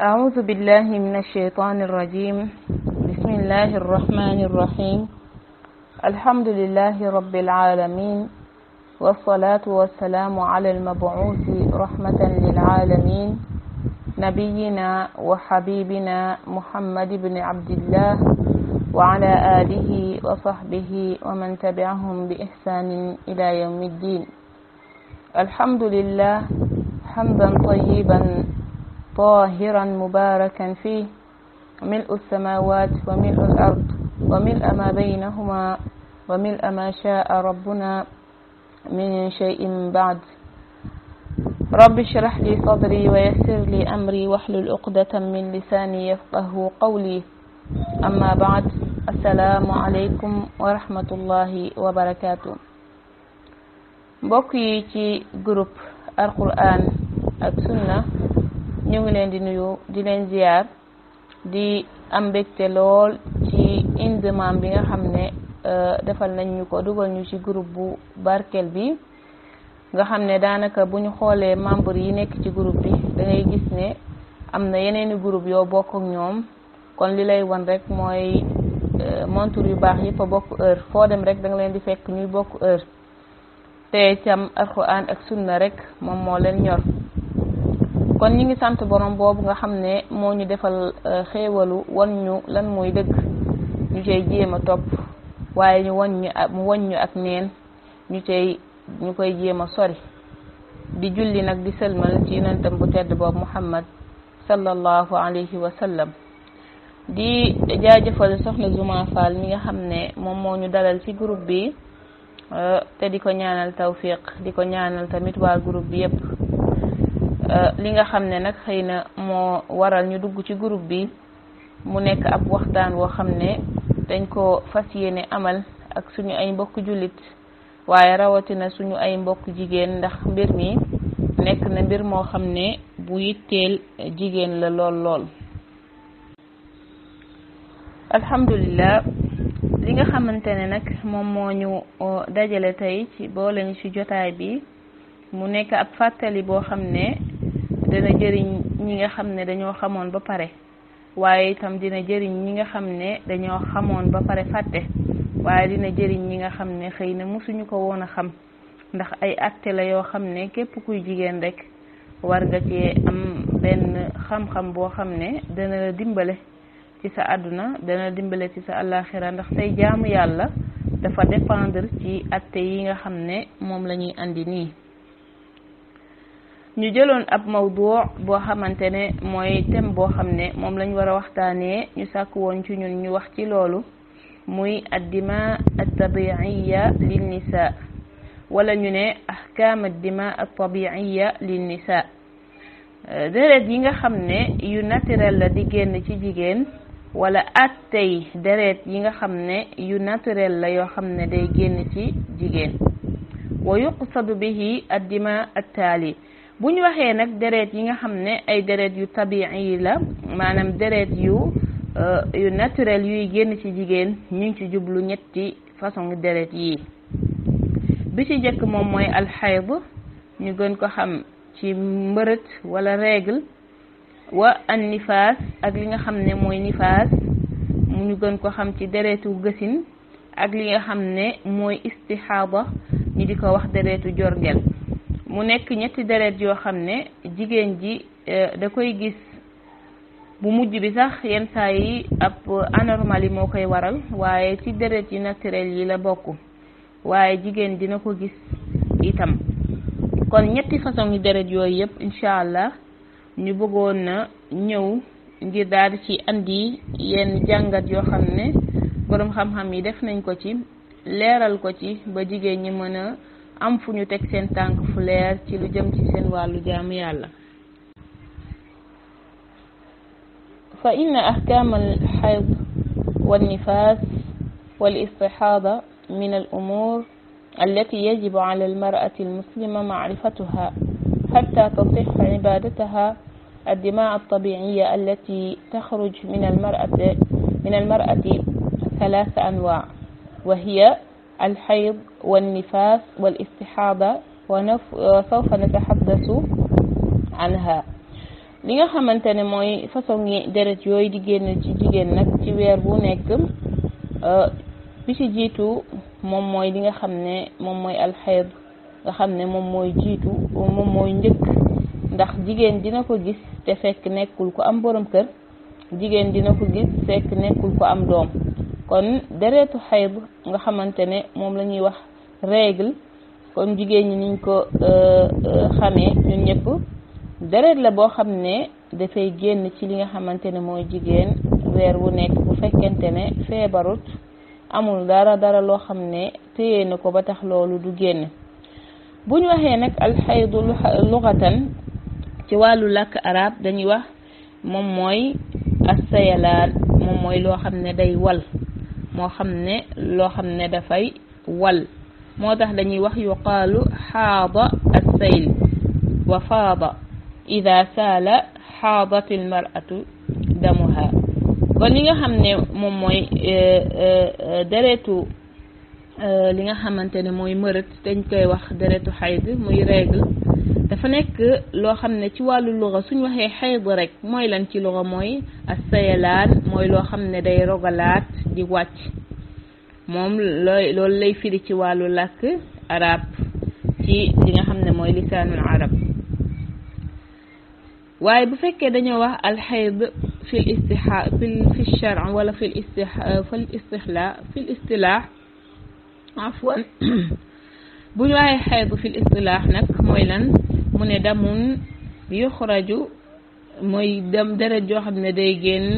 أعوذ بالله من الشيطان الرجيم بسم الله الرحمن الرحيم الحمد لله رب العالمين والصلاة والسلام على المبعوث رحمة للعالمين نبينا وحبيبنا محمد بن عبد الله وعلى آله وصحبه ومن تبعهم بإحسان إلى يوم الدين الحمد لله حمدا طيبا طاهرا مباركا فيه ملء السماوات وملء الأرض وملء ما بينهما وملء ما شاء ربنا من شيء بعد رب اشرح لي صدري ويسر لي أمري واحلل عقدة من لساني يفقه قولي أما بعد السلام عليكم ورحمة الله وبركاته mbokk جروب القرآن السنة ñu ngi leen di nuyu di leen ziar di am mbégte lool ci indeman bi nga xam ne euh, defal nañ ñu ko dugal ñu ci groupe bu barkel bi nga xam ne daanaka bu ñu xoolee membre yi nekk ci groupe bi da ngay gis ne am na yeneeni groupe yoo bokk ñoom kon li lay wan rek mooy euh, montur yu baax yëpp bokk heure foo dem rek da leen di fekk ñuy bokk heure te itam alxuraan ak sunna rek moom moo leen ñor kon ñi ngi sant borom boobu nga xam ne moo ñu defal euh, xéewalu wan ñu lan mooy dëgg ñu cay jéem a topp waaye ñu wan mu wan ak neen ñu cay ñu koy jéem a sori di julli nag di sëlmal ci yonentam bu tedd boobu muhammad sallallahu alayhi wa sallam di jaajëfal soxna Zuma Fall mi nga xam ne moom moo ñu dalal ci groupe bi euh, te di ko ñaanal tawfiq di ko ñaanal tamit waa group bi yépp Euh, li nga xam ne nag xëy na moo waral ñu dugg ci groupe bi mu nekk ab waxtaan woo xam ne dañ ko fas yéene amal ak suñu ay mbokk jullit waaye rawatina suñu ay mbokk jigéen ndax mbir mi nekk na mbir moo xam ne bu yitteel jigéen la lool lool alhamdulillah li nga xamante ne nag moom moo ñu dajale tey ci boole ñu ci jotaay bi mu nekk ab fàttali boo xam ne dina jëriñ ñi nga xam ne dañoo xamoon ba pare waaye itam dina jëriñ ñi nga xam ne dañoo xamoon ba pare fàtte waaye dina jëriñ ñi nga xam ne xëy na mosuñu ko woon a xam ndax ay atte la yoo xam ne képp kuy jigéen rek war nga cee am benn xam-xam boo xam ne dana la dimbale ci sa àdduna dana la dimbale ci sa àllaaxira ndax say jaamu yàlla dafa dépendre ci atte yi nga xam ne moom la ñuy andi nii ñu jëloon ab mawduu boo xamante ne mooy thème boo xam ne moom lañ war a waxtaanee ñu sàkk woon ci ñun ñu wax ci loolu muy ak altabiiya lin nisa wala ñu ne ahkaam addima altabiiya li nisa euh, deret yi nga xam ne yu naturel la di génn ci jigéen wala attey deret yi nga xam ne yu naturel la yoo xam ne day génn ci jigéen wa yuqsadu bihi addima attaali bu ñu waxee nag deret yi nga xam ne ay deret yu tabi'i yi la maanaam deret yu euh, yu naturel yuy génn ci jigéen ñu ngi ci jublu ñetti façon deret yi bi ci njëkk moom mooy alxayd ñu gën ko xam ci mbërët wala règle wa an nifaas ak li nga xam ne mooy nifaas ñu gën ko xam ci deretu gësin ak li nga xam ne mooy istixaaba ñu di ko wax deretu jorngel mu nekk ñetti deret yoo xam ne jigéen ji euh, da koy gis bu mujj bi sax yenn saa yi ab anormal yi moo koy waral waaye ci deret yi naturel yi la bokk waaye jigéen dina ko gis itam kon ñetti façon yi deret yooyu yëpp incha allah ñu bëggoon na ñëw ngir daal di ci andi yenn jàngat yoo xam ne boroom xam-xam yi def nañ ko ci leeral ko ci ba jigéen ñi mëna am fu ñu teg seen tànk fu leer ci lu jëm ci seen wàllu jaamu yàlla fa inna ahkam alxayd والنفاس والاستحاضة من الأمور التي يجب على المرأة المسلمة معرفتها حتى تصح عبادتها الدماء الطبيعية التي تخرج من المرأة من المرأة ثلاث أنواع وهي الحيض والنفاس والاستحاضة وسوف نتحدث عنها ليغا خامتاني موي فاصوني ديرت يوي دي ген سي جيجن نك سي وير بو نيك ا بيسي جيتو موم موي ليغا خامني موم موي الحيض غا خامني موم موي جيتو موم موي نيك ndax jigen dina ko gis te fekk nekkul ko am borom kër jigen dina ko gis fekk nekkul ko am doom kon deretu hayb nga xamantene mom lañuy wax règle kon jigéen ñi niñ ko euh, euh, xamee ñun ñëpp deret la boo xam ne dafay génn ci li nga xamante ne mooy jigéen weer wu nekk bu fekkente ne feebarut amul dara dara loo xam ne téye na ko ba tax loolu du génn bu ñu waxee nag alxaydu luxatan ci wàllu làkk arab dañuy wax moom mooy assayalaan moom mooy loo xam ne day wal moo xam ne loo xam ne dafay wal moo tax dañuy wax yuqaalu xaada assayl wa faada ida saala xaadat almaratu damuha kon li nga xam ne moom mooy deretu li nga xamante ne mooy mërët dañ koy wax deretu xayd muy règle dafa nekk loo xam ne ci wàllu luga suñ waxee xayd rek mooy lan ci luga mooy assayalaan mooy loo xam ne day rogalaat di wàcc moom looy loolu lay firi ci wàllu làkk arab ci li nga xam ne mooy lisaanul arab waaye bu fekkee dañoo wax alxayd fi l fi fi fi l isti bu ñu waxee xayd fi l nag mooy lan mu ne damun yuxraju mooy dem deret joo xam ne day génn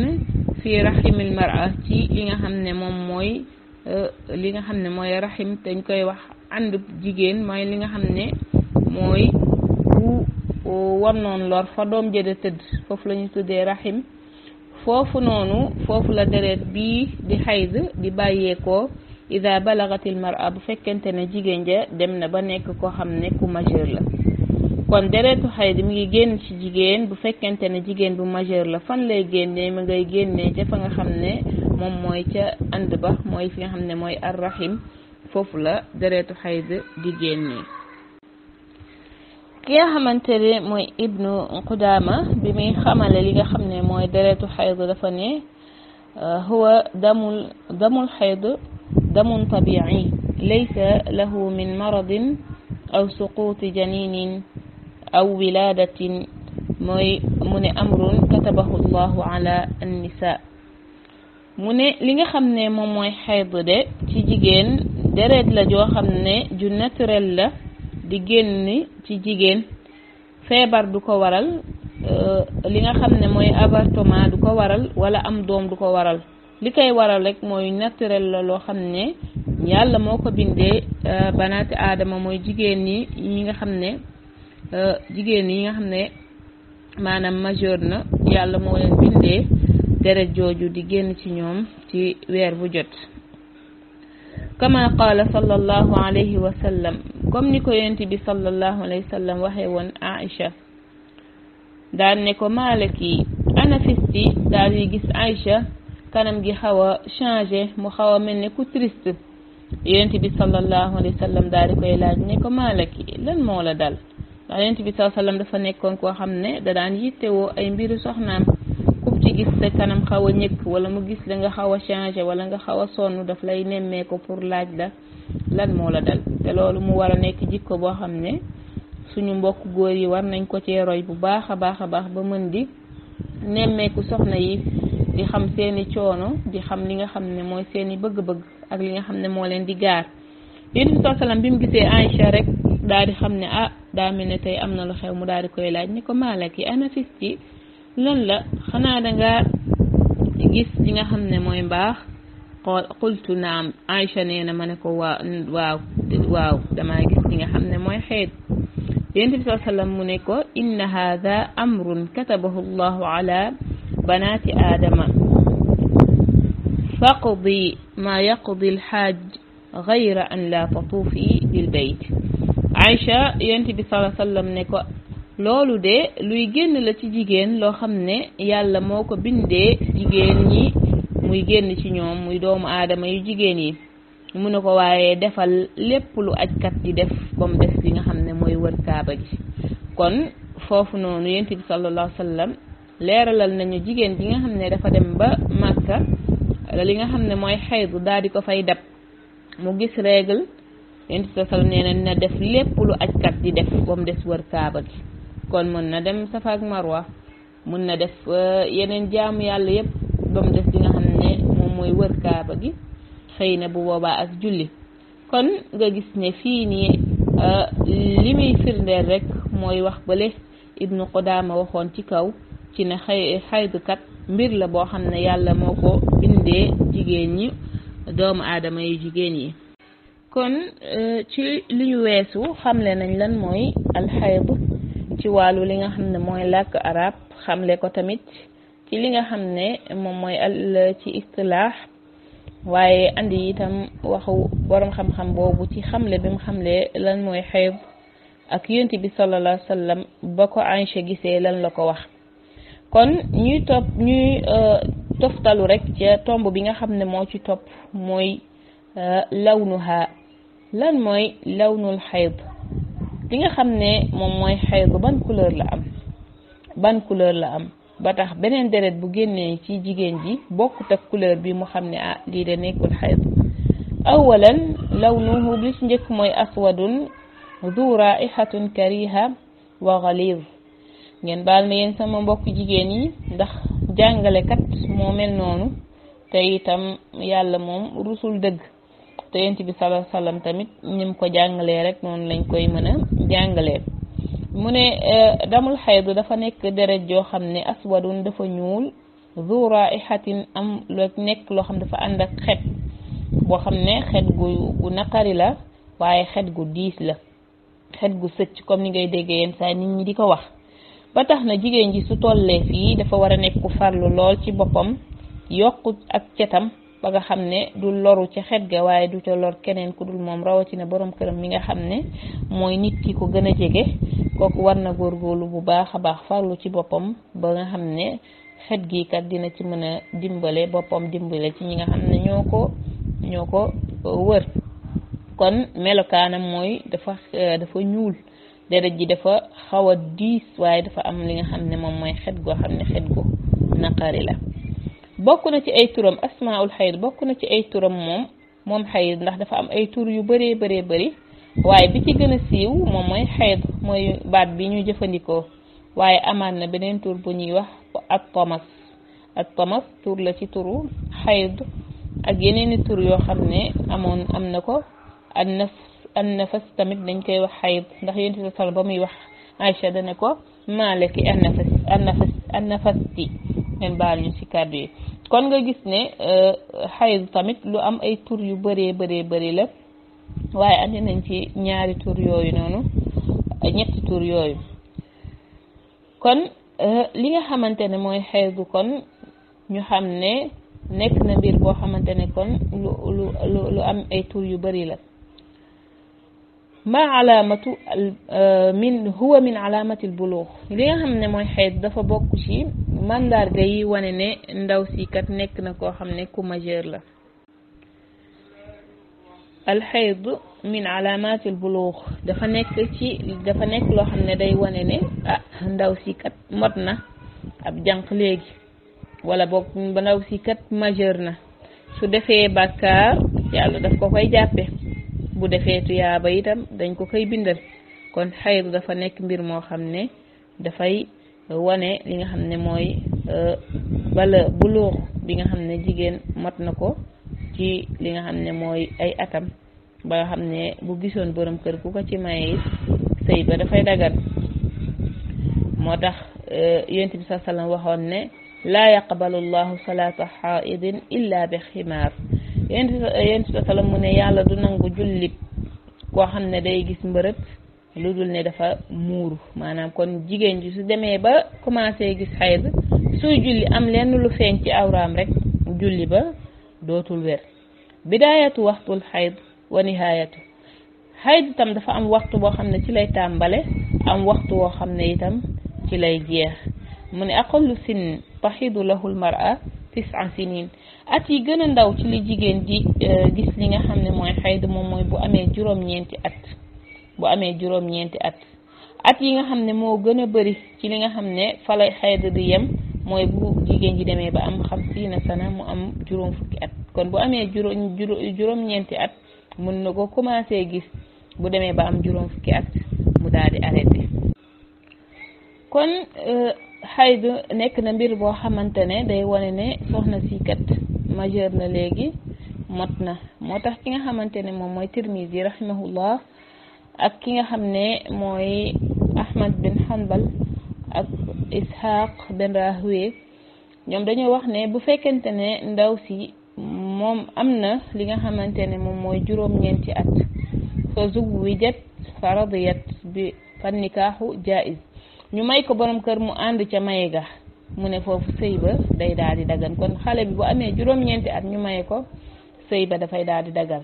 fi raximil mara ci li nga xam ne moom mooy Euh, li nga xam ne mooy raxim dañ koy wax ànd jigéen mooy li nga xam ne mooy bu wannoon lor fa doom jëda tëdd foofu la ñu tuddee raxim foofu noonu foofu la deret bii di xayd di bàyyeekoo ida balagatil mara bu fekkente ne jigéen ja dem na ba nekk koo xam ne ku majeur la kon deretu xaydi mi ngi génn ci jigéen bu fekkente ne jigéen bu majeur la fan lay génne ma ngay génne ca fa nga xam ne moom mooy ca ànd ba mooy fi nga xam ne mooy arrahim foofu la deretu xayd di génne ki nga xamante ne mooy ibnu qudama bi muy xamale li nga xam ne mooy deretu xayd dafa ne huwa damul damul xayd damun tabici laysa lahu min maradin aw suquuti janinin aw wilaadatin mooy mu ne amrun katabahu llahu ala annisa mu ne li nga xam ne moom mooy xayd de ci jigéen deret la joo xam ne ju naturel la di génn ci jigéen feebar du ko waral euh, li nga xam ne mooy avortement du ko waral wala am doom du ko waral li koy waral rek mooy naturel la loo xam ne yàlla moo ko bindee euh, banaati aadama mooy jigéen ñi ñi nga xam ne Euh, jigéen yi nga xam ne maanaam majeur na yàlla moo leen bindee deret jooju di génn ci ñoom ci weer bu jot kama qaala sallallahu alayhi wa sallam comme ni ko yonent bi sallallahu alayhi wa sallam waxee woon Aïcha daan ne ko maalaki anafisti daal di gis Aïcha kanam gi xaw a changé mu xaw a mel ne ku triste yonent bi sallallahu alayhi wa daal di koy laaj ne ko maalaki lan moo la dal ndax yonent bi saa sallam dafa nekkoon koo xam ne da daan yittewoo ay mbiru soxnaam kub ci gis sa kanam xaw a ñëkk wala mu gis la nga xaw a changé wala nga xaw a sonn daf lay nemmee ko pour laaj la lan moo la dal te loolu mu war a nekk jikko boo xam ne suñu mbokk góor yi war nañ ko cee roy bu baax a baax a baax ba mën di nemmeeku soxna yi di xam seeni coono di xam li nga xam ne mooy seeni bëgg-bëgg ak li nga xam ne moo leen di gaar yonent bi saa daa tay amna tey lu xew mu daal di koy laaj ni ko malaki ana fis ci lan la xanaa nga gis li nga xam ne mooy mbaax qultu naam aisha nee na ma ne ko waaw waaw waaw damaa gis li nga xam ne mooy xeet yonent bi saa sallam mu ne ko inna haada amrun katabahu llahu ala banaati aadama faqdi ma yaqdi alxaaj gayra an la tatuufi bilbeyt Aïcha yonent bi sala sallam ne ko loolu de luy génn la ci jigéen loo xam ne yàlla moo ko bindee jigéen ñi muy génn ci ñoom muy doomu aadama yu jigéen yi mu ne ko waaye defal lépp lu ajkat di def ba mu des nga xam ne mooy wër kaaba gi kon foofu noonu yonent bi sallallahu sallam leeralal nañu jigéen ji nga xam ne dafa dem ba Màkka li nga xam ne mooy xaydu daal di ko fay dab mu gis règle yonent sa sallam nee na def lépp lu ajkat di def ba mu des wër kaaba gi kon mën na dem safa ak marwa mën na def uh, yeneen jaamu yàlla yépp ba mu des di nga xam ne moom mooy wër kaaba gi xëy na bu boobaa ak julli kon nga gis ne fii nii uh, li muy firndeel rek mooy wax bële ibnu Qudaama waxoon ci kaw ci ne xay xaydukat mbir la boo xam ne yàlla moo ko bindee jigéen ñi doomu aadama yi jigéen yi kon euh, ci li ñu weesu xamle nañ lan mooy alxayd ci wàllu li nga xam ne mooy làkk arab xamle ko tamit ci li nga xam ne moom mooy al ci istilaax waaye andi itam waxu borom xam-xam boobu ci xamle bi mu xamle lan mooy xayd ak yonent bi sallallahu alayhi wa sallam ba ko Aïcha gisee lan la ko wax kon ñuy topp ñuy euh, toftalu rek ca tomb bi nga xam ne moo ci topp mooy euh, lawnuha lan mooy law lawnul xayd li nga xam ne moom mooy xayd ban couleur la am ban couleur la am ba tax beneen deret bu génnee ci jigéen ji bokkut ak couleur bi mu xam ne ah lii de nekkul xayd awalan lawnuhu li ci njëkk mooy aswadun du raihatun kariha wa ghalid ngeen baal na yéen sama mbokk jigéen yi ndax jàngalekat moo mel noonu te itam yàlla moom rusul dëgg te yonent bi sallallahu alayhi tamit ñim ko jàngalee rek noonu lañ koy mën a jàngalee mu ne eh, damul xaydu dafa nekk deret joo xam ne aswadun dafa ñuul zu xatin am lu nekk loo xam dafa ànd ak xet boo xam ne xet gu gu naqari la waaye xet gu diis la xet gu sëcc comme ni ngay déggee yenn saa nit ñi di ko wax ba tax na jigéen ji su tollee fii dafa war a nekk ku farlu lool ci boppam yokku ak cetam ba nga xam ne du loru ca xet ga waaye du ca lor keneen ku dul moom rawatina borom këram mi nga xam ne mooy nit ki ko gën a jege kooku war na góor góorlu bu baax a baax farlu ci boppam ba nga xam ne xet gi kat dina ci mën a dimbale boppam dimbale ci ñi nga xam ne ñoo ko ñoo ko uh, wër kon melokaanam mooy dafa uh, dafa ñuul deret ji dafa xaw a diis waaye dafa am li nga xam ne moom mooy xet goo xam ne xet gu naqari la bokk na ci ay turam asmaul xayid bokk na ci ay turam moom moom xayid ndax dafa am ay tur yu bëree bëree bëri waaye bi ci gën a siiw moom mooy xayid mooy baat bi ñu jëfandikoo waaye amaat na beneen tur bu ñuy wax ak tomas ak tomas tur la ci turu xayid ak yeneeni tur yoo xam ne amoon am na ko an nafs an nafas tamit dañ koy wax xayid ndax yéen si sal ba muy wax Aïcha dane ko maaleki an nafas an nafas an nafas ti ngeen ñu ci kàddu kon nga gis ne euh, xayd tamit lu am ay tur yu bëree bëree bëri la waaye andi nañ ci ñaari tur yooyu noonu ñetti tur yooyu kon euh, li nga xamante ne mooy xaydu kon ñu xam ne nekk na mbir boo xamante ne kon lu lu lu am ay tur yu bëri la ما علامته آه، من هو من علامة البلوغ ليه هم نموي حيد دفا بوكوشي من دار جاي وانيني ندو سيكات نك نكو هم نكو مجير الحيض من علامات البلوغ دفا نك تي دفا نك لو هم ندي وانيني ندو سيكات مرنا اب جانق ليجي ولا بوك بنو سيكات مجيرنا سو دفا بكار يالو دفا كوفاي جابي bu defee tuyaaba itam dañ ko koy bindal kon xaydu dafa nekk mbir moo xam ne dafay wane li nga xam ne mooy bala euh, buluux bi nga xam ne jigéen mat na ko ci li nga xam ne mooy ay atam ba nga xam ne bu gisoon borom kër ku ko ci maye it sëy ba dafay dagan moo tax euh, yonent bi sa sallam waxoon ne laa yaqbalu llahu salaata xaidin illa bi ximaar yéen si sa salaam mu ne yàlla du nangu jullit koo xam ne day gis mbërëb lu dul ne dafa muuru maanaam kon jigéen ji su demee ba commencé gis xayd suy julli am lenn lu feeñ ci awraam rek julli ba dootul wer bidaayatu waxtul xayd wa nihaayatu xayd itam dafa am waxtu boo xam ne ci lay tàmbale am waxtu woo xam ne itam ci lay jeex mu ne aqallu sin taxidu lahul mara tisa sinin at yi gën ndaw ci li jigéen di euh, gis li nga xam ne mooy xayd moom mooy bu amee juróom-ñeenti at bu amee juróom-ñeenti at at yi nga xam ne moo gën a bëri ci li nga xam ne fa la xayd di yem mooy bu jigéen ji demee ba am xam si na sana mu am juróom fukki at kon bu amee juróom juróom-ñeenti at mun na ko commencé gis bu demee ba am juróom fukki at mu daal di arrêté kon euh, xayd nekk na mbir boo xamante ne day wane ne soxna si kat majeur na léegi mot na moo tax ki nga xamante ne moom mooy tirmisi rahimahullah ak ki nga xam ne mooy ahmad bin hanbal ak ishaq bin rahwe ñoom dañoo wax ne bu fekkente ne ndaw si moom am na li nga xamante ne moom mooy juróom-ñeenti at fa zuwijat fa radiyat bi nikaaxu jaiz ñu may ko borom kër mu ànd ca maye ga mu ne foofu sëy ba day daal di dagan kon xale bi bu amee juróom-ñeenti at ñu maye ko sëy ba dafay daal di dagan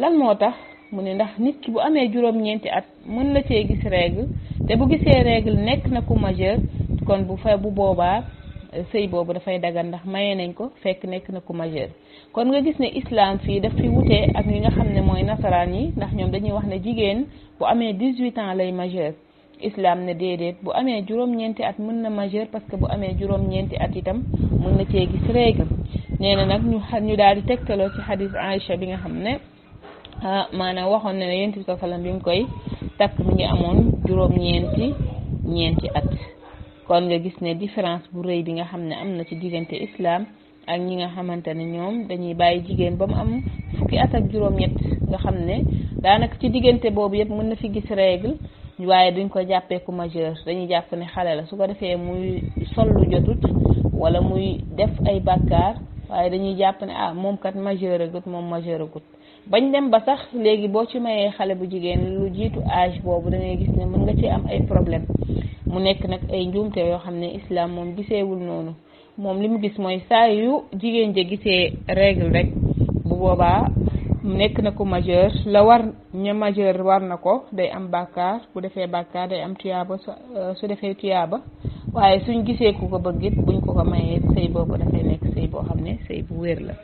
lan moo tax mu ne ndax nit ki bu amee juróom at mën na cee gis règle te bu gisee nekk na ku majeur kon bu fa bu boobaa eh, sëy boobu dafay dagan ndax maye nañ ko fekk nekk na ku majeur kon nga gis ne islam fii daf fi wutee ak ñi nga xam ne mooy nasaraan yi ndax ñoom dañuy wax ne jigéen bu amee 18 ans lay majeur islam ne déedéet bu amee juróom-ñeenti at mën na majeur parce que bu amee juróom-ñeenti at itam mën na cee gis règle nee na nag ñu ñu daal di tegtaloo ci xadis Aïcha bi nga xam ne ah, maanaam waxoon na ne yonent bi sallallahu alayhi bi mu koy takk mi ngi amoon juróom-ñeenti ñeenti at kon nga gis ne différence bu rëy bi nga xam ne am na ci diggante islam ak ñi nga xamante ne ñoom dañuy bàyyi jigéen ba mu am fukki at ak juróom-ñett nga xam ne daanaka ci diggante boobu yëpp mën na fi gis règle waaye duñ ko jàppeeku ku dañuy jàpp ne xale la su ko defee muy sol lu jotut wala muy def ay bàkkaar waaye dañuy jàpp ne ah moom kat majeur agut moom majeur agut bañ dem ba sax léegi boo ci mayee xale bu jigéen lu jiitu âge boobu da gis ne mën nga ci am ay problème mu nekk nag ay njuumte yoo xam ne islaam moom giseewul noonu moom li mu gis mooy saa yu jigéen ja gisee règle rek bu boobaa nekk na ko majeur la war ña majeur war na ko day am bàkkaar bu defee bàkkaar day am tuyaaba euh, su defee tuyaaba waaye suñ gisee ku ko bëgg it buñ ko ko mayee sëy boobu dafay nekk sëy boo xam ne sëy bu wér la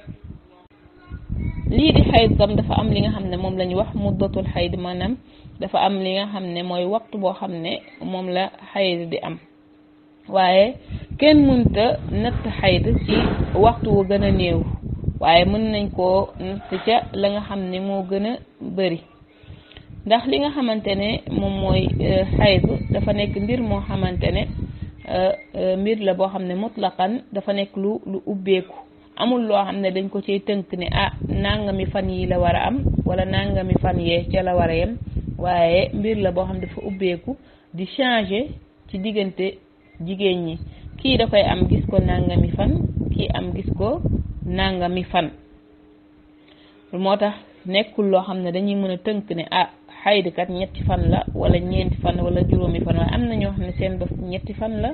lii di xayd dafa am li nga xam ne moom la ñu wax muddatul xayd maanaam dafa am li nga xam ne mooy waxtu boo xam ne moom la xayd di am waaye kenn mënta natt xayd ci waxtu wu gën néew waaye mën nañ koo natt ca la nga xam ne moo gën a bëri ndax li nga xamante ne moom mooy euh, xayd dafa nekk mbir moo xamante ne euh, euh, mbir la boo xam ne mutlaqan dafa nekk lu lu ubbeeku amul loo xam ne dañ ko cay tënk ne ah nangami fan yi la war a am wala nangami fan yee ca la war a yem waaye mbir la boo xam dafa ubbeeku di changer ci diggante jigéen ñi kii da am gis ko nangami fan kii am gis ko mi fan moo tax nekkul loo xam ne dañuy mën a tënk ne ah xaydkat ñetti fan la wala ñeenti fan wala juróomi fan waaye am na ñoo xam ne seen bés ñetti fan la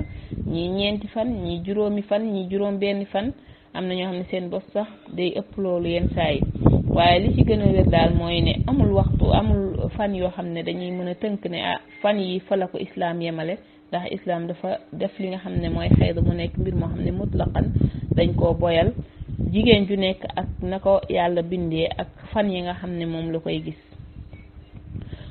ñii ñeenti fan ñii juróomi fan ñii fan am na ñoo xam ne seen bés sax day ëpp loolu yenn saa yi waaye li ci gën a wér daal mooy ne amul waxtu amul fan yoo xam ne dañuy mën a tënk ne ah fan yi fa la ko islaam yemale ndax islaam dafa def li nga xam ne mooy xayd mu nekk mbir moo xam ne mutlaqan dañ koo boyal jigéen ju nekk ak na ko yàlla bindee ak fan yi nga xam ne moom la koy gis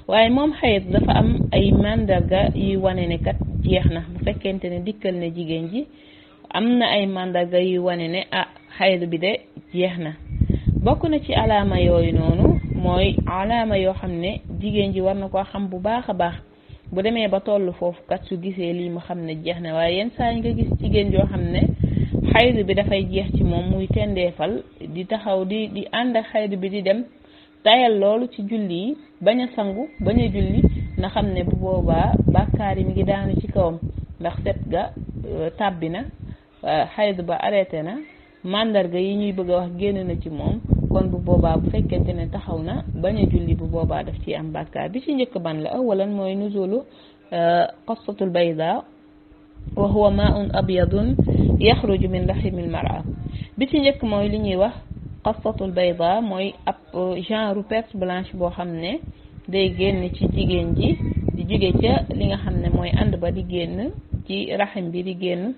waaye moom xayit dafa am ay màndarga yuy wane ne kat jeex na bu fekkente ne dikkal na jigéen ji am na ay màndarga yuy wane ne ah xayit bi de jeex na bokk na ci alaama yooyu noonu mooy alaama yoo xam ne jigéen ji war na koo xam bu baax a baax bu demee ba toll foofu kat su gisee lii mu xam ne jeex na waaye yenn saa yi nga gis jigéen joo xam ne xayd bi dafay jeex ci moom muy tendeefal di taxaw di di ànd ak bi di dem tayal loolu ci julli yi bañ a sangu bañ a julli na xam ne bu boobaa bàkkaar yi mi ngi daanu ci kawam ndax set ga euh, tàbbi na euh, xayd ba arrêté na màndarga yi ñuy bëgg a wax génn na ci moom kon bu boobaa bu fekkente ne taxaw na bañ a julli bu boobaa daf ciy am bàkkaar bi ci njëkk ban la awalan mooy nuzulu euh, qasatul bayda wa huwa maun abyadun yaxruju min laximil mara bi ci njëkk mooy li ñuy wax xasatul baa mooy ab euh, genre perte blanche boo xam ne day génn ci jigéen ji di jóge ca li nga xam ne mooy ànd ba di génn ci raxim bi di génn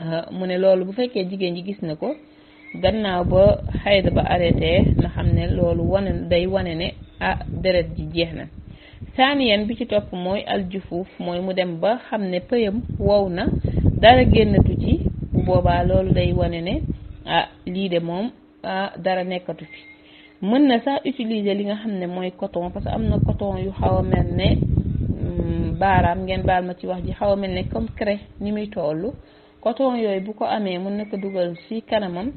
euh, mu ne loolu bu fekkee jigéen ji gis na ko gannaaw ba xayda ba arrêté na xam ne loolu wane day wane ne a ah, deret ji jeex na saaniyen bi ci topp mooy aljufuuf mooy mu dem ba xam ne pëyam wow na dara génnatu ci bu boobaa loolu day wane ne ah lii de moom ah dara nekkatu ci mën na sax utiliser li nga xam ne mooy coton parce que am na coton yu xaw a mel ne mm, baaraam ngeen baal ma ci wax ji xaw a mel ne comme craie ni muy tollu coton yooyu bu ko amee mën na ko dugal ci kanamam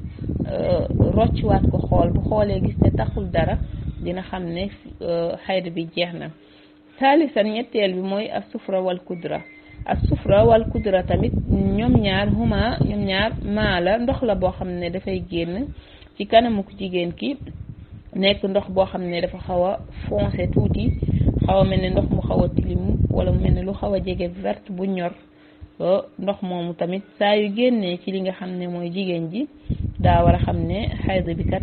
euh, rocciwaat ko xool bu xoolee gis ne taxul dara dina xam ne euh, xayd bi jeex na taalisan ñetteel bi mooy as sufrawal wal kudra ak sufra wal kudra tamit ñoom ñaar huma ñoom ñaar maa la ndox la boo xam ne dafay génn ci kanamu jigéen ki nekk ndox boo xam ne dafa xaw a foncé tuuti xaw a mel ne ndox mu xaw a tilim wala mu mel ne lu xaw a jege vert bu ñor ndox moomu tamit saa yu génnee ci li nga xam ne mooy jigéen ji daa war a xam ne xayda bi kat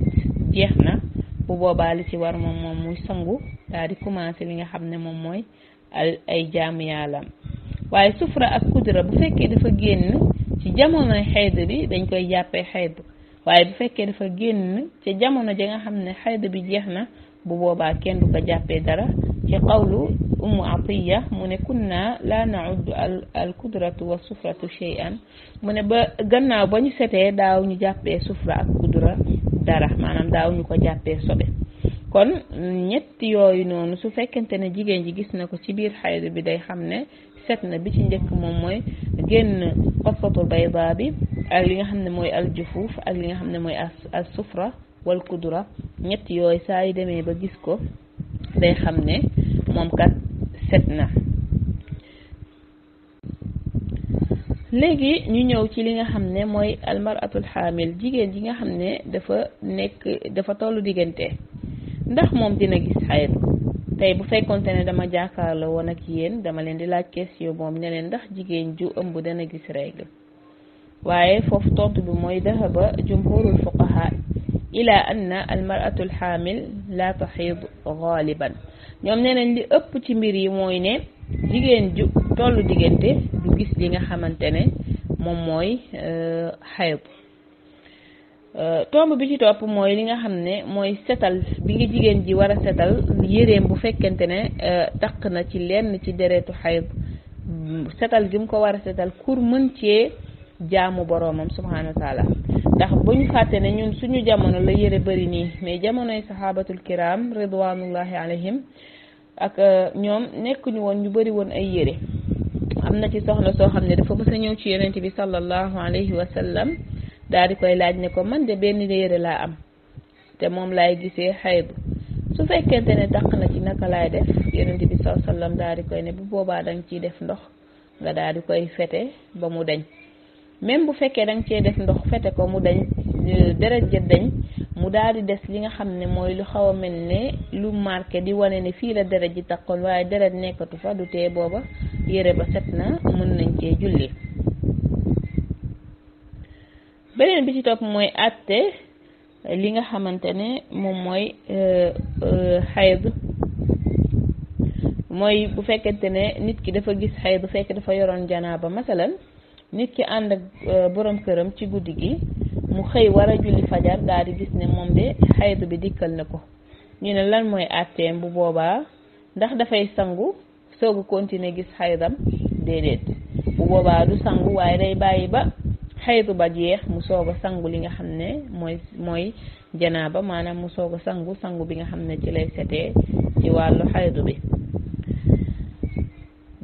jeex na bu boobaa li ci war moom muy sangu daal di commencé li nga xam ne moom mooy ay jaamu yàlla waaye sufra ak kudra bu fekkee dafa génn ci jamono xayd bi dañ koy jàppee xayd waaye bu fekkee dafa génn ca jamono ja nga xam ne xayd bi jeex na bu boobaa kenn du ko jàppee dara ci qawlu ummu atiya mu ne kunna la nauddu al al kudratu wa mu ne ba gannaaw ba ñu setee daaw jàppee sufra ak dara maanaam daaw ko jàppee sobe kon ñett yooyu noonu su fekkente ne jigéen ji gis na ko ci biir xayd bi day xam ne set na bi ci njëkk moom mooy génn xosfatul bayda bi ak li nga xam ne mooy aljufuuf ak li nga xam ne mooy al sufra wal kudura ñett yooyu saa yi demee ba gis ko day xam ne moom kat set na léegi ñu ñëw ci li nga xam ne mooy almaratul xaamil jigéen ji nga xam ne dafa nekk dafa tollu diggante ndax moom dina gis xaydu tey bu fekkonte ne dama jàkkaarloo woon ak yéen dama leen di laaj question boobu ne leen ndax jigéen ju ëmb dana gis règle waaye foofu tontu bi mooy dahaba jumhurul fuqaha ila anna almaratu alxaamil la taxiid galiban ñoom nee li ëpp ci mbir yi mooy ne jigéen ju tollu diggante du gis li nga xamante ne moom mooy euh, xayb Euh, tomb bi ci topp mooy li nga xam ne mooy setal bi nga jigéen ji war a setal yéreem bu fekkente ne euh, taq na ci lenn ci deretu xayd setal gi mu ko war a setal pour mën cee jaamu boroomam subhaanahu wa taala ndax bu ñu fàtte ne ñun suñu jamono la yére bëri nii mais jamonoy saxaabatul kiram ridwanullahi alayhim ak euh, ñoom nekkuñu woon ñu bari woon ay yére am na ci soxna soo xam ne dafa mës a ñëw ci yonent bi sallallahu alayhi wa sallam daal di koy laaj ne ko man de benn yére laa am te moom laay gisee xaydu su fekkente ne taq na ci naka laay def yonent bi saw sallam daal di koy ne bu boobaa danga ciy def ndox daal di koy fete ba mu dañ même bu fekkee danga cee def ndox fete ko mu dañ euh, deret ja dañ mu daal di des li nga xam ne mooy lu xaw a mel ne lu marqué di wane ne fii la deret ji taqoon waaye deret nekkatu fa du tee booba yére ba set na mën nañ cee julli beneen bi ci topp mooy àtte li nga xamante ne moom mooy euh, euh, xayd mooy bu fekkente ne nit ki dafa gis xayd fekk dafa yoroon janaaba masalan nit ki ànd ak euh, borom këram ci guddi gi mu xëy war a julli fajar daal di gis ne moom de xayd bi dikkal na ko ñu ne lan mooy àtteem bu boobaa ndax dafay sangu soog a gis xaydam déedéet bu boobaa du sangu waaye day bàyyi ba haytu ba jeex mu soga sangu li nga xamne moy moy janaba manam mu soga sangu sangu bi nga xamne ci lay sété ci walu bi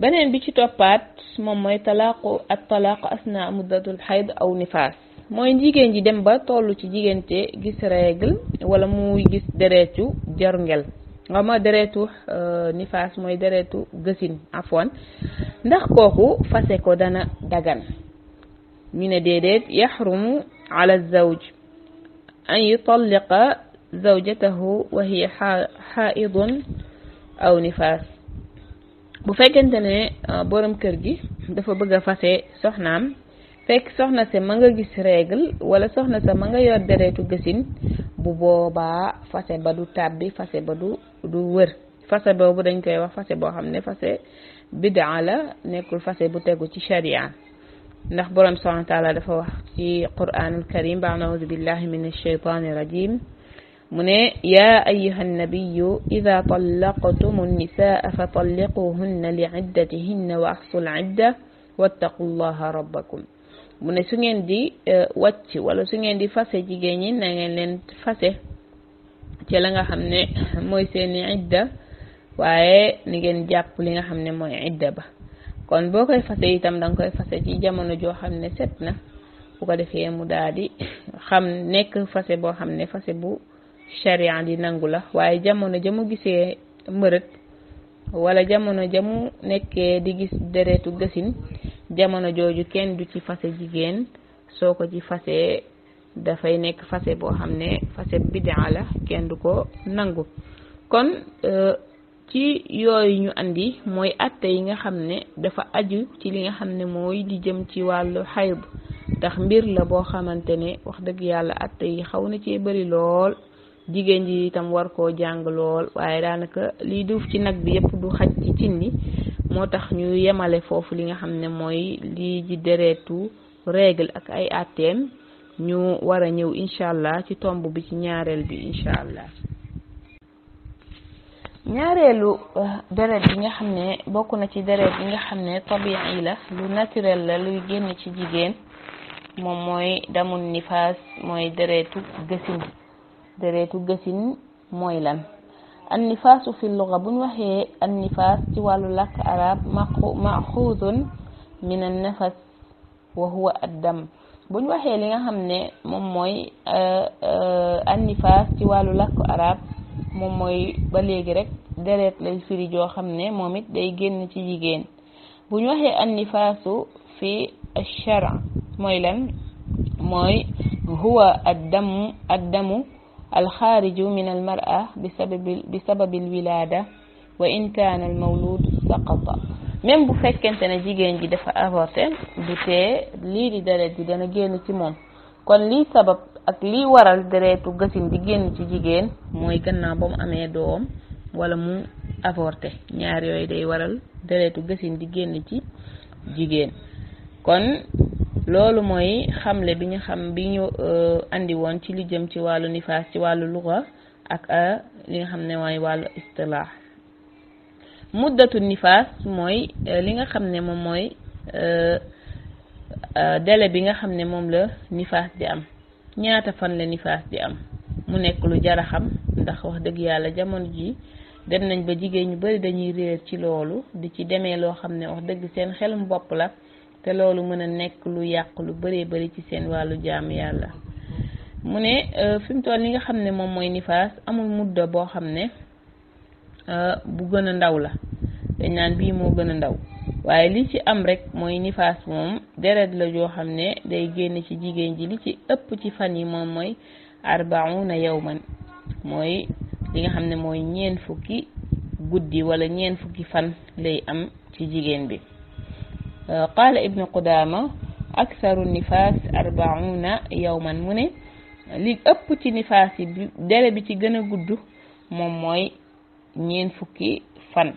benen bi ci topat mom moy talaqu at talaq asna al hayd aw nifas moy jigen ji dem ba tollu ci jigenté gis règle wala mu gis deretu jarngel nga ma dereetu euh, nifas moy dereetu afwan ndax koku fase ko dana dagan ñu ne déedéet yaxrumu ala zawj an yutalliqa zawjatahu wa hiya xaaidun aw nifaas bu fekkente ne ah, borom kër gi dafa bëgg a fase soxnaam fekk soxna sa ma nga gis règle wala soxna sa ma nga yor deretu gësin bu booba fase ba du tàbbi fase ba du du wër fase boobu dañ koy wax fase boo xam ne fase bidaa la nekkul fase bu tegu ci sharia ndax borom subhaanahu wa taala dafa wax ci quraanul karim ba audu billahi min alsheytaani rajim mu ne ya yaa ayuha nnabiyu ida tallaqtum nnisaa fa talliquhunna li iddatihinna wa axsul idda wattaqu llaha rabbakum mu ne su ngeen di eh, wàcc wala su ngeen di fase jigéen ñi na ngeen leen fase ci la nga xam ne mooy seeni idda waaye ni ngeen jàpp li nga xam ne mooy idda ba kon boo koy fase itam danga koy fase ci jamono joo xam ne set na bu ko defee mu daa di xam nekk fase boo xam ne fase bu sharia di nangu la waaye jamono ja mu gisee mbërët wala jamono ja mu nekkee di gis deretu gësin jamono jooju kenn du ci fase jigéen soo ko ci fase dafay nekk fase boo xam ne fase bidaa la kenn du ko nangu kon euh, ci yooyu ñu andi mooy atte yi nga xam ne dafa aju ci li nga xam ne mooy di jëm ci wàllu xayb ndax mbir la boo xamante ne wax dëgg yàlla atte yi xaw na cee bari lool jigéen ji itam war koo jàng lool waaye daanaka liy duuf ci nag bi yépp du xaj ci cin li moo tax ñu yemale foofu li nga xam ne mooy lii di deretu régle ak ay atteem ñu war a ñëw incha allah ci tomb bi ci ñaareel bi incha allah ñaareelu euh, deret yi nga xam ne bokk na ci deret yi nga xam ne tabian yi la lu naturel la luy génn ci jigéen moom mooy damul nifaas mooy deretu gësin deretu gësin mooy lan an nifaasu fi luga buñ waxee an nifaas ci wàllu làkk arab maxuudun min an waxee li nga xam ne moom mooy euh, euh, an nifaas ci wàllu làkk arab moom mooy ba léegi rek deret lay firi joo xam ne moom it day génn ci jigéen bu ñu waxee annifaasu fi ash mooy lan mooy huwa addamu addamu alxaariju min almar'a bi sababi bi sababi alwilaada wa in kaana almawlud saqata même bu fekkente ne jigéen ji dafa avorté du tee lii di deret ji dana génn ci moom kon lii sabab ak liy waral deretu gasin di génn ci jigéen mooy gannaaw ba mu amee doom wala mu avorté ñaar yooyu day waral deretu gasin di génn ci jigéen kon loolu mooy xamle bi ñu xam bi ñu indi euh, woon ci li jëm ci wàllu nifaas ci wàllu luxa ak euh, li nga xam ne mooy wàllu istilaax muddatu nifaas mooy euh, li nga xam ne moom mooy délai bi nga xam ne moom la nifaas di am ñaata fan la nifaas di am mu nekk lu jara xam ndax wax dëgg yàlla jamono ji dem nañ ba jigéen ñu bari dañuy réer ci loolu di ci demee loo xam ne wax dëgg seen xelum bopp la te loolu mën a nekk lu yàq lu baree bari ci seen wàllu jaam yàlla mu ne euh, fi mu toll li nga xam ne moom mooy nifaas amul mudd boo xam ne euh, bu gën a ndaw la dañ naan bii moo gën a ndaw waaye li ci am rek mooy nifaas moom deret la joo xam ne day génn ci jigéen ji li ci ëpp ci fan yi moom mooy arbauna yawman mooy li nga xam ne mooy ñeen fukki guddi wala ñeen fukki fan lay am ci jigéen bi euh, qaala ibnu qudama aksaru nifaas arbauna yawman mu ne li ëpp ci nifaas yi deret bi ci gën a gudd moom mooy ñeen fukki fan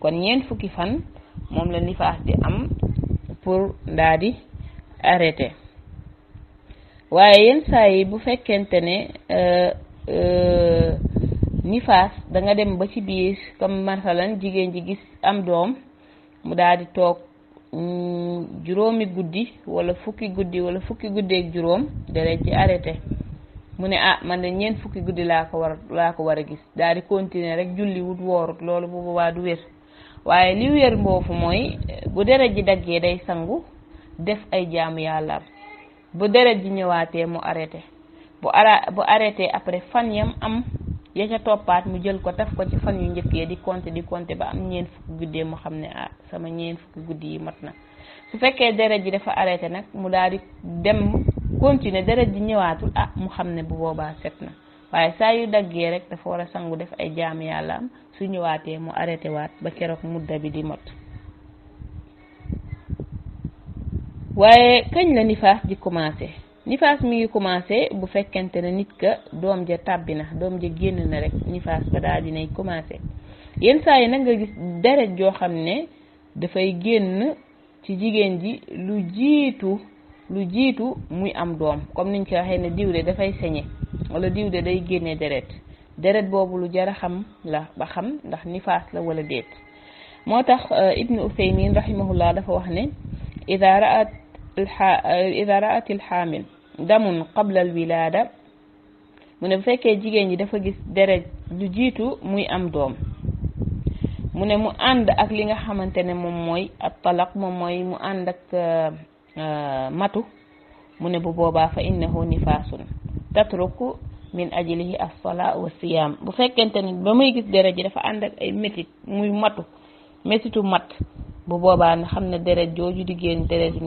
kon ñeen fukki fan moom la nifaas di am pour ndaa di arrêté waaye yenn saa yi bu fekkente ne euh, euh, nifaas da nga dem ba ci biir comme masalan jigéen ji gis am doom mu daal di toog mm, juróomi guddi walla fukki guddi wala fukki guddeeg juróom deret ci arrêté mu ne ah man de ñeent fukki guddi laa ko war laa ko war a gis daal di continuer rek julli wut woorut loolu bu boobaa du wér waaye li wér mboofu mooy bu deret ji daggee day sangu def ay jaamu yàllaam bu deret ji ñëwaatee mu arrêté bu ara bu arrêté après fan yam am ya ca toppaat mu jël ko taf ko ci fan yu njëkkee di compter di compter ba am ñeent fukki guddee mu xam ne ah sama ñeent fukki guddi yi mat na su fekkee deret ji dafa arrêté nag mu daal di dem continuer deret ji ñëwaatul ah mu xam ne bu boobaa set na waaye saa yu daggee rek dafa war a sangu def ay jaam yàlla am suñu waatee mu arrêté waat ba keroog mudda bi di mot waaye kañ la nifaas di commencé nifaas mi ngi commencé bu fekkente ne nit ka doom ja tàbbi na doom ja génn na rek nifaas ba daal dinay commencé yenn saa yi nag gis deret joo xam ne dafay génn ci jigéen ji lu jiitu lu jiitu muy am doom comme niñ ci waxee ne diwde dafay sañe wala de day génne deret deret boobu lu jara xam la ba xam ndax nifaas la wala déet moo tax ibnu uthaymin rahimahullah dafa wax ne ida raat ida raat alxaamil damun qabla alwilaada mu ne bu fekkee jigéen ji dafa gis deret lu jiitu muy am doom mu ne mu ànd ak li nga xamante ne moom mooy ab talaq moom mooy mu ànd ak Euh, matu mu ne bu boobaa fa innahu nifaasun tatruku min ajlihi as-salaa wa siyaam bu fekkente ne ba muy gis deret ji dafa ànd ak ay métit muy matu métitu mat bu boobaa na xam ne deret jooju di génn deretu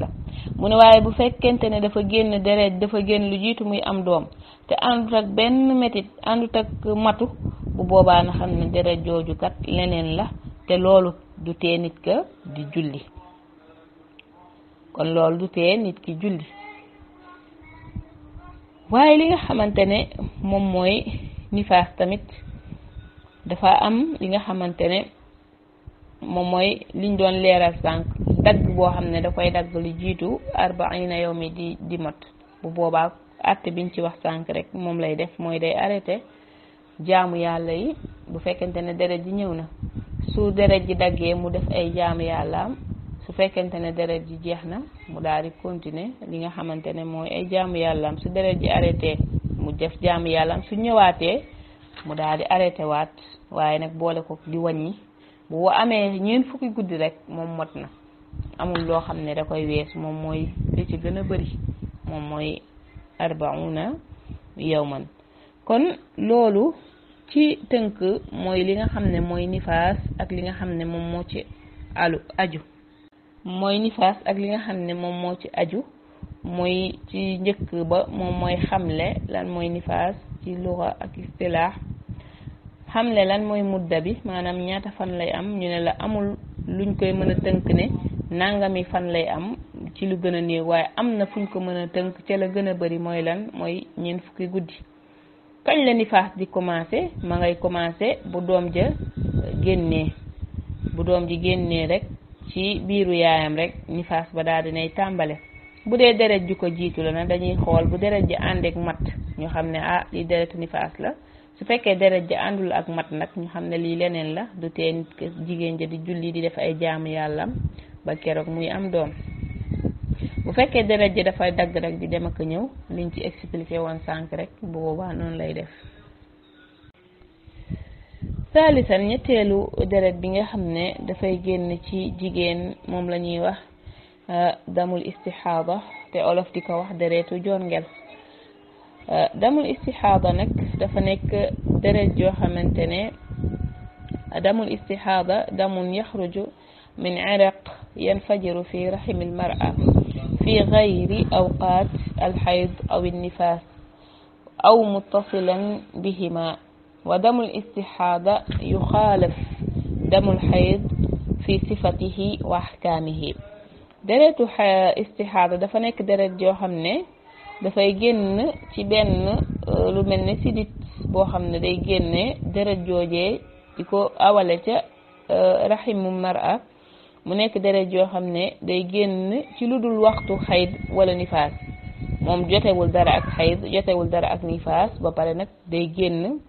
la mu ne waaye bu fekkente ne dafa génn deret dafa génn lu jiitu muy am doom te àndut ak benn métit àndut matu bu boobaa na xam ne deret jooju kat leneen la te loolu du tee nit ka di julli kon loolu du tee nit ki julli waaye li nga xamante ne moom mooy nifaas tamit dafa am li nga xamante ne moom mooy liñ doon leeral sànq dagg boo xam ne da koy dagg lu jiitu arbaina yow mi di di mot bu boobaa bi biñ ci wax sànq rek moom lay def mooy day arrêté jaamu yàlla yi bu fekkente ne deret ji ñëw na su deret ji daggee mu def ay jaamu yàllaam su fekkente ne deret ji jeex na mu daal di continuer li nga xamante ne mooy ay yàlla am su deret ji arrêté mu def jàmm yàlla am su ñëwaatee mu daal di arrêté waat waaye nag boole ko di wàññi bu amee ñeent fukki guddi rek moom mot na amul loo xam ne da koy moom mooy li ci gën a bëri moom mooy arbauna yawman kon loolu ci tënk mooy li nga xam ne mooy nifaas ak li nga xam ne moom moo ci alu aju mooy nifaas ak li nga xam ne moom moo ci aju mooy ci njëkk ba moom mooy xamle lan mooy nifaas ci luxa ak istilaax xamle lan mooy mudda bi maanaam ñaata fan lay am ñu ne la amul luñ koy mën a tënk ne nangami fan lay am ci lu gën a néew waaye am na fu ñu ko mën a tënk ca la gën a bari mooy lan mooy ñeent fukki guddi kañ la nifaas di commencé ma ngay commencé bu doom ja génnee bu doom ji génnee rek ci biiru yaayam rek nifaas ba daadi nay tàmbale bu dee deret ji ko jiitu la na dañuy xool bu deret ji àndeg mat ñu xam ne ah li deretu nifaas la su fekkee deret ji àndul ak mat nag ñu xam ne lii leneen la du tee nit ke jigéen ja di julli di def ay jaamu yàllam ba keroog muy am doom bu fekkee deret ji dafay dagg rek di dem ak a ñëw liñ ci expliqué woon sànk rek bu boobaa noonu lay def ثالثا نيتيلو درك بيغا خامني دا فاي ген تي جيجين موم لا نيي واخ دام الاستحاضه تي اولوف ديكا واخ دريتو جونغل دم الاستحاضه نك دا فا نيك درك جو خامنتيني دام الاستحاضه دم يخرج من عرق ينفجر في رحم المراه في غير اوقات الحيض او النفاس او متصلا بهما ودم الاستحاضة يخالف دم الحيض في صفته وأحكامه درجة استحاضة دفنك درجة جوهمنة دفاي ген تي بن لو ملني سي ديت بو خامن داي ген درجة جوجي اولا تا رحم المرأة مو نيك درجة جو خامن داي ген تي لودول حيض ولا نفاس موم جوتي ول حيض جوتي ول نفاس با بالا نك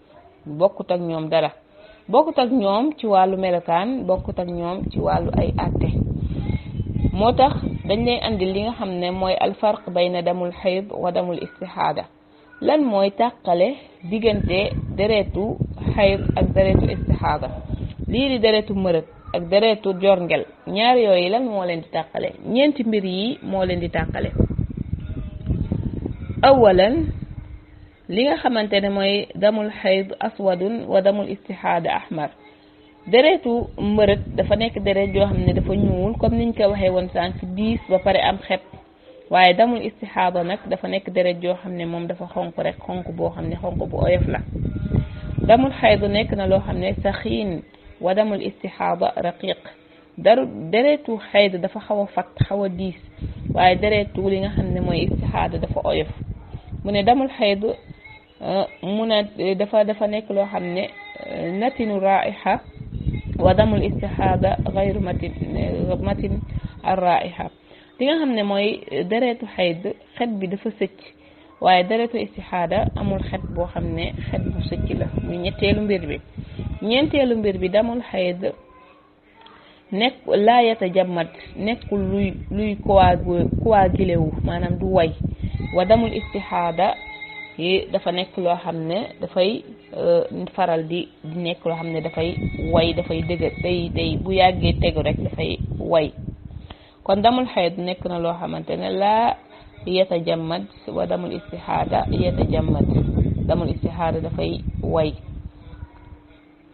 bokkut ak ñoom dara bokkut ak ñoom ci wàllu melokaan bokkut ak ñoom ci wàllu ay àtte moo tax dañ lay andi li nga xam ne mooy alfarq bayna damul xayd wa damul istixaada lan mooy tàqale diggante deretu xayd ak deretu istixaada lii di deretu mërët ak deretu jorngel ñaar yi lan moo leen di tàqale ñeenti mbir yi moo leen di tàqale awalan li nga xamante ne mooy damul xayd aswadun wa damul istixaada ahmar deretu mbërët dafa nekk deret yoo xam ne dafa ñuul comme niñ ko waxee woon sànq diis ba pare am xet waaye damul istixaada nag dafa nekk deret yoo xam ne moom dafa xonq rek xonq boo xam ne xonq bu oyof la damul xaydu nekk na loo xam ne saxiin wa damul istixaada raqiq daru deretu xaydu dafa xaw a fat xaw a diis waaye deretu li nga xam ne mooy istixaada dafa oyof mu ne damul xaydu Euh, mu ne euh, dafa dafa nekk loo xam ne euh, natinu raiha wa damul istihada gayru matin matin ar raiha li xam ne mooy deretu xayd xet bi dafa sëcc waaye deretu istixaada amul xet boo xam ne xet bu sëcc la muy ñetteelu mbir bi ñeenteelu mbir bi damul xayd nekk laa yatajammat nekkul luy luy maanaam du way wa damul istixaada dafa nekk loo xam ne dafay euh, faral di nekk loo xam ne dafay woy dafay dëgër day day bu yàggee tegu rek dafay woy kon damul xeet nekk na loo xamante ne laa yeta jammad wa damul istixaada yeta jammad damul istixaada dafay way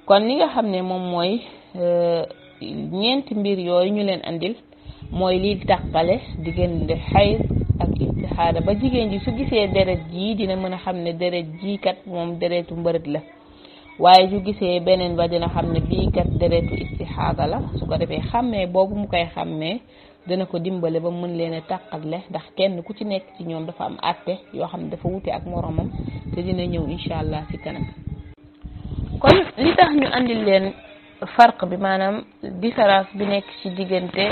kon li nga xam ne moom mooy euh, ñeenti mbir yooyu ñu leen andil mooy liy tàqale diggante xayd ak istixaada ba jigéen ji su gisee deret ji dina mën a xam ne deret ji kat moom deretu mbërët la waaye su gisee beneen ba dina xam ne bii kat deretu istixaada la su ko defee xàmmee boobu mu koy xàmmee dana ko dimbale ba mu mën leen a tàqale ndax kenn ku ci nekk ci ñoom dafa am àtte yoo xam ne dafa wute ak moromam te dina ñëw incha allah ci kanam kon li tax ñu andil leen farq bi maanaam différence bi nekk ci diggante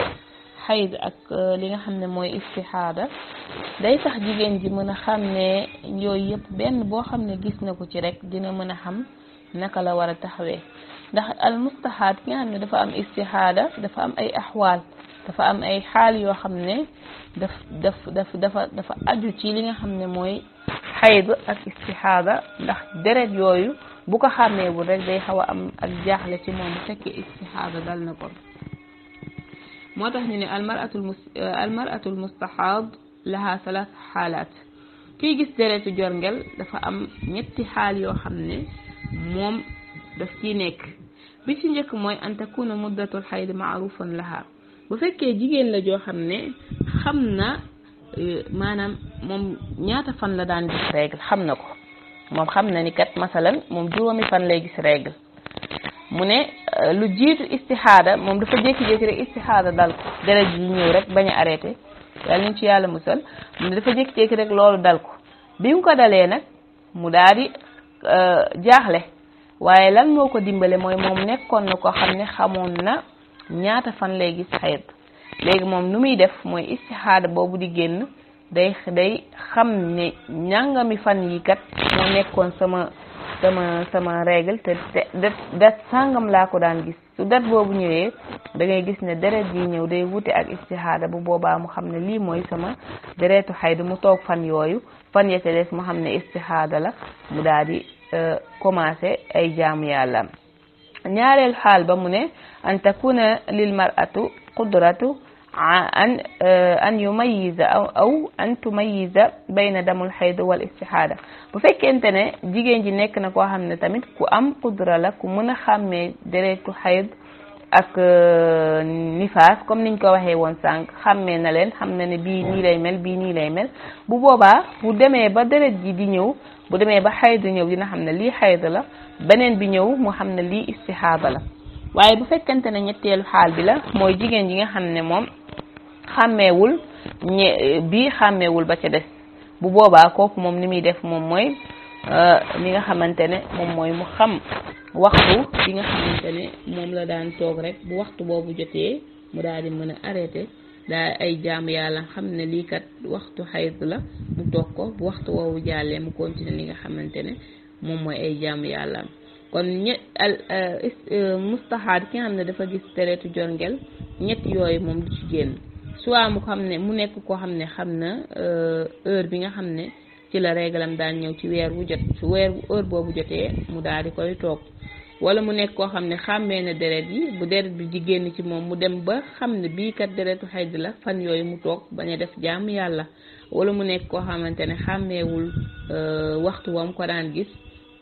xayd ak li nga xam ne mooy istixaada day tax jigéen ji mën a xam ne yooyu yëpp benn boo xam ne gis na ko ci rek dina mën a xam naka la war a taxawee ndax al mustahaad ki nga xam ne dafa am istixaada dafa am ay axwaal dafa am ay xaal yoo xam ne daf daf daf dafa dafa aju ci li nga xam ne mooy xayd ak istixaada ndax deret yooyu bu ko xàmmeewul rek day xaw a am ak jaaxle ci moom bu fekkee istixaada dal na ko موضح ان المرأة, المس... المرأة المستحاض لها ثلاث حالات كي جس دارة جورنجل دفع أم نتي حال يو حمني موم دفتي نيك بيشن جاك موي أن تكون مدة الحيض معروفا لها بفكي جيجين لجو حمني خمنا مانا موم نياتا فن لدان جس ريجل خمنا كو موم خمنا نكت مثلا موم جرومي فن لجس ريجل mu ne euh, lu jiitu istixaada moom dafa jékki-jékki rek istixaada dal deret ji ñëw rek bañ a arrêté yàlla nañ ci yàlla musal mu ne dafa jékki-jékki rek loolu dal ko bi mu ko dalee nag mu daal di euh, jaaxle waaye lan moo ko dimbale mooy moom nekkoon na ko xam ne xamoon na ñaata fan lay gis xayet léegi moom nu muy def mooy istixaada boobu di génn day day xam ne njàngami fan yi kat moo nekkoon sama sama sama règle te te date sàngam laa ko daan gis su date boobu ñëwee da ngay gis ne deret yi ñëw day wuute ak istixaada bu boobaa mu xam ne lii mooy sama deretu xayd mu toog fan yooyu fan ya ca des mu xam ne istixaada la mu daal di euh, commencé ay jaamu yàlla ñaareel xaal ba mu ne an takuna lil mar'atu qudratu أن آه، أن يميز أو أو أن تميز بين دم الحيض والاستحارة. بفكر أنت نه دي جين جنك نقوها من تامين كأم قدرة لك من خامة دريت حيض أك نفاس كم نينك وهاي وانسان خامة نلين خامة نبيني ليمل بيني ليمل بوبا بودي ما يبدر الدينيو بودي ما يبحيدنيو دينا خامة لي حيض لا بنين بنيو مخامة لي استحارة لا. waaye bu fekkente ne ñetteelu xaal bi la mooy jigéen ji nga xam ne moom xàmmeewul ñe bii xàmmeewul ba ca des bu boobaa kooku moom ni muy def moom mooy euh, li nga xamante ne moom mooy mu xam waxtu bi nga xamante ne moom la daan toog rek bu waxtu boobu jotee mu daal di mën a arrêté daa ay jaamu yàlla xam ne lii kat waxtu xayd la mu ko waxtu woowu jàllee mu continuer li nga xamante ne moom mooy ay jaamu yàllaam kon ñe al euh, euh, mustahaad ki nga xam ne dafa gis deretu jorngel ñett yooyu moom du ci génn soit mu xam ne mu nekk koo xam ne xam na euh, heure bi nga xam ne ci la réglam daan ci weer wu jot su weer heure boobu jotee mu daal di koy toog wala mu nekk koo xam ne xàmmee na deret yi bu deret bi di ci moom mu dem ba xam ne bii kat deretu xayd la fan yooyu mu toog bañ a def jàmm yàlla wala mu nekk koo xamante ne xàmmeewul waxtu wam ko daan gis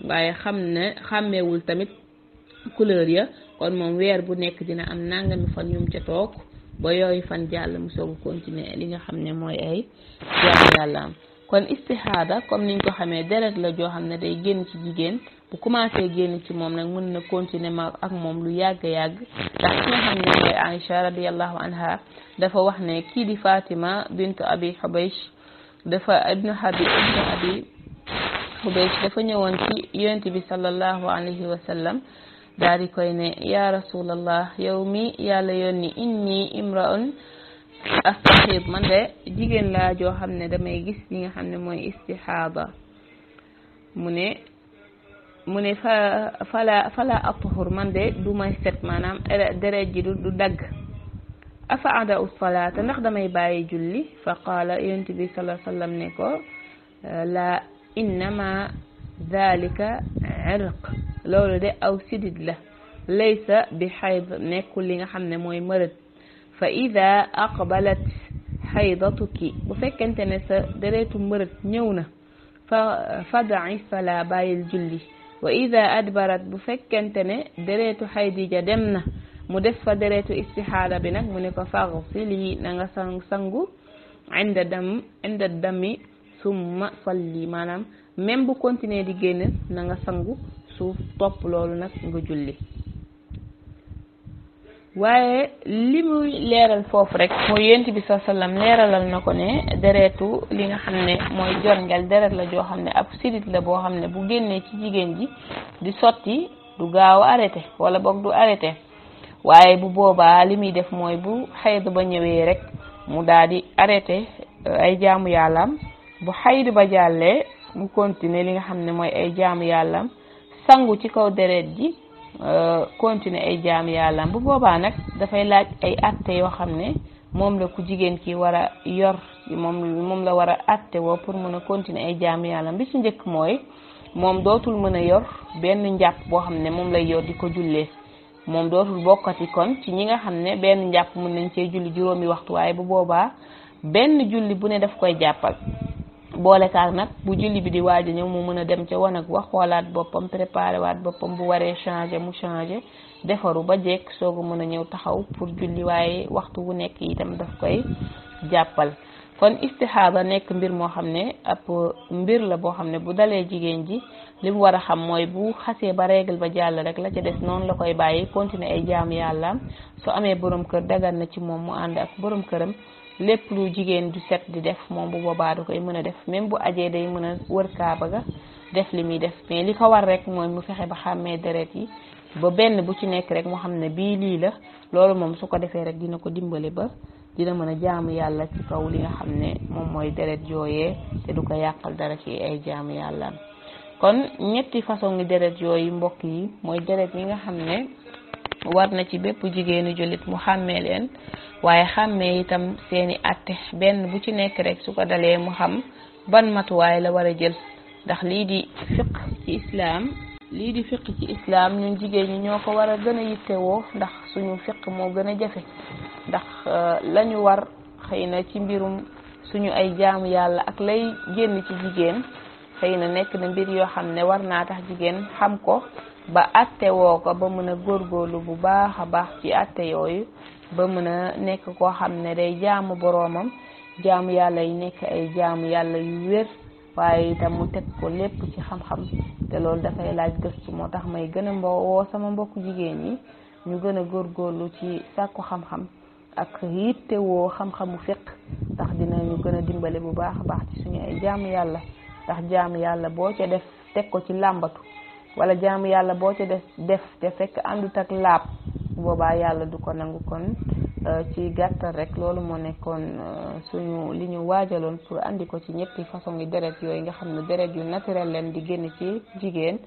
waaye xam ne xàmmeewul tamit couleur ya kon moom weer bu nekk dina am nangami fan yum ca toog ba yooyu fan jàll mu soog a continuer li nga xam ne mooy ay jàmm yàlla kon istixaada comme niñ ko xamee deret la joo xam ne day génn ci jigéen bu commencé génn ci moom nag mën na continuer ma ak moom lu yàgg yàgg ndax ki nga xam ne mooy Aïcha radiallahu anha dafa wax ne kii di Fatima bint Abi Xubaysh dafa ibnu Habib ibnu Xubaysh dafa ñëwoon ci yonent bi sallallahu alayhi wa sallam daal koy ne ya rasulallah yow mi yàlla ni inni imraun astaxib man de jigéen laa xam ne damay gis li xam ne mooy istixaaba mu ne mu ne fa fala fala atahur man de du may set maanaam deret ji du dag afa ada u salaata ndax damay bàyyi julli fa qaala yonent bi salaa sallam ne ko la إنما ذلك عرق لولا ده أو سدد له ليس بحيض نكل لنا حمنا موي مرض فإذا أقبلت حيضتك بفك أنت نسا دريت مرض نيونة فدعي فلا باي الجلي وإذا أدبرت بفك أنت دريت حيدي جدمنا مدفة دريت استحالة بنك منك فاغسلي نغسان سنغو عند الدم عند الدم ma fal salli maanaam même bu continuer di génn na nga sangu su topp loolu nag nga julli waaye li muy leeral foofu rek mooy yent bi sa sallam leeralal na ko ne deretu li nga xam ne mooy jorngel deret la joo xam ne ab sidit la boo xam ne bu génnee ci jigéen ji di sotti du gaaw a arrêté wala boog du arrêté waaye bu boobaa li muy def mooy bu xayd ba ñëwee rek mu daal di arrêté ay jaamu yàlla bu xaydi ba jàllee mu continuer li nga xam ne mooy ay jaam yàllam sangu ci kaw deret ji euh, continuer ay jaam yàllam bu boobaa nag dafay laaj ay atte yoo xam ne moom la ku jigéen ki war a yor moom moom la war a atte woo pour mën a continuer ay jaam yàllam bi ci njëkk mooy moom dootul mën a yor benn njàpp boo xam ne moom lay yor di ko jullee moom dootul bokkati kon ci ñi nga xam ne benn njàpp mën nañ cee julli juróomi waxtu waaye bu boobaa benn julli bu ne daf koy jàppal boole kaak nag bu julli bi di waaj a ñëw mu mën a dem ca wanag wax xoolaat boppam préparé waat boppam bu waree changé mu changé defaru ba jekk soogu mën a ñëw taxaw pour julli waaye waxtu wu nekk itam daf koy jàppal kon istixaada nekk mbir moo xam ne ab mbir la boo xam ne bu dalee jigéen ji li mu war a xam mooy bu xasee ba règle ba jàll rek la ca def noonu la koy bàyyi continuer ay jaam yàlla su amee boroom kër dagan na ci moom mu ànd ak borom këram lépp lu jigéen ju set di def moom bu boobaa da koy mën a def même bu ajee day mën a wër kaaba ga def li muy def mais li ko war rek mooy mu fexe ba xàmmee deret yi ba benn bu ci nekk rek moo xam ne bii lii la loolu moom su ko defee rek dina ko dimbali ba dina mën a jaamu yàlla ci kaw li nga xam ne moom mooy deret yooyee te du ko yàqal dara ci ay jaamu yàllaam kon ñetti façon ngi deret yooyu mbokk yi mooy deret yi nga xam ne war na ci bépp jigéenu jullit mu xàmmee leen waaye xàmmee itam seeni àtte benn bu ci nekk rekk su ko dalee mu xam ban matuwaay la war a jël ndax lii di fiq ci islaam lii di fiq ci islaam ñun jigéen ñi ñoo ko war a gën a yittewoo ndax suñu fiq moo gën a jafe ndax euh, lañu war xëy na ci mbirum suñu ay jaamu yàlla ak lay génn ci jigéen xëy na nekk na mbir yoo xam ne war naa tax jigéen xam ko ba àtte woo ko ba mën a góor góorlu bu baax a baax ci àtte yooyu ba mën a nekk koo xam ne day jaamu boroomam jaamu yàlla yi nekk ay jaamu yàlla yu wér waaye itam mu teg ko lépp ci xam-xam te loolu dafay laaj gëstu moo tax may gën a woo sama mbokku jigéen ñi ñu gën a góor góorlu ci sàkku xam-xam ak yitte woo xam-xamu fiq ndax dinañu gën a dimbale bu baax a baax ci suñu ay jaamu yàlla ndax jaamu yàlla boo ca def teg ko ci làmbatu wala jaamu yàlla boo ca def def te fekk àndut ak laab bu boobaa yàlla du ko nangu kon euh, ci gàttal rek loolu moo nekkoon euh, suñu li ñu waajaloon pour andi ko ci ñetti façon yi deret yooyu nga xam ne deret yu naturel leen di génn ci jigéen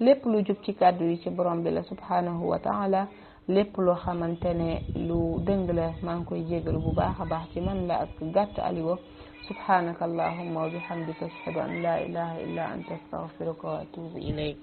lépp lu jub ci kàddu yi ci borom bi la subhanahu wa taala lépp loo xamante ne lu dëng la maa ngi koy jégalu bu baax a baax ci man la ak gàtt aliwo subhanaka allahumma wa bihamdika ashhadu an la ilaha illa anta astaghfiruka wa atubu ilayk